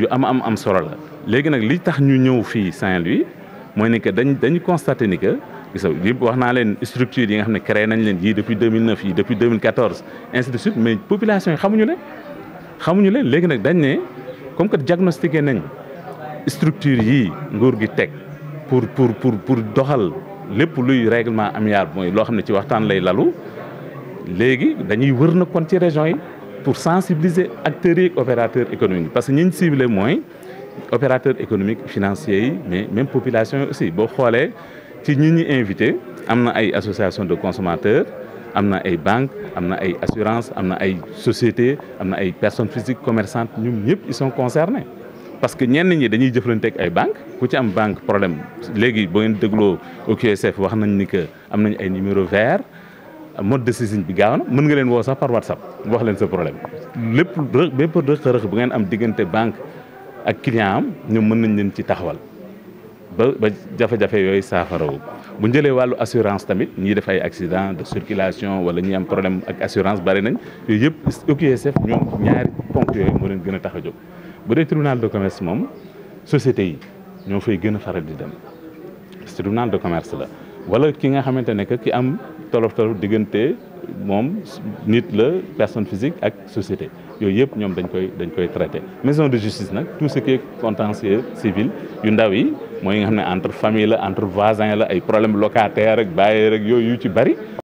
yu am am am solo la léegi nag li tax ñu ñëw fii Saint-Louis mooy ne que dañ dañu constaté ni que gis wax naa leen structure yi nga xam ne créé nañ leen yii depuis 2009 yi depuis 2014 ainsi de suite mais population yi xamuñu leen xamuñu leen léegi nag dañ ne comme que diagnostiqué nañ structure yi nguur gi teg pour pour pour pour doxal lépp luy règlement amiable mooy loo xam ne ci waxtaan lay lalu léegi dañuy wër na kon ci région yi pour sensibiliser acteurs yi opérateurs économiques parce que ñi ñu mooy opérateurs économique financiers yi mais même population yi aussi boo xoolee ci ñi ñu invité am na ay association de consomateur am na ay banques am na ay assurances am na ay société am na ay personnes physiques commerçantes ñu ñëpp ils sont concernés parce que ñenn ñi dañuy jëflante ak ay banque ku ci am banque problème léegi boo ngeen dégloo au wax nañ ni que am nañ ay numéro vert mode de saisine bi gaaw na mën nga leen woo sax par whatsapp wax leen sa problème lépp rë bépp rëq-rëq bu ngeen am diggante banque ak client am ñoom mën nañ leen ci taxawal ba ba jafe-jafe yooyu saafarawu bu njëlee wàllu assurance tamit ñii def ay accident de circulation wala ñi am problème ak assurance bari nañ yooyu yëpp OQSF ñoom ñaari ponk yooyu moo leen gën a tax a jóg bu dee tribunal de commerce moom société yi ñoo fay gën a faral di dem tribunal de commerce la tolof tolof diggante moom nit la personne physique ak société yooyu yëpp ñoom dañ koy dañ koy traité maison de justice nag tout ce qui est civil yu ndaw yi mooy nga xam ne entre famille la entre voisin la ay problème locataire ak bailleur ak yooyu yu ci bari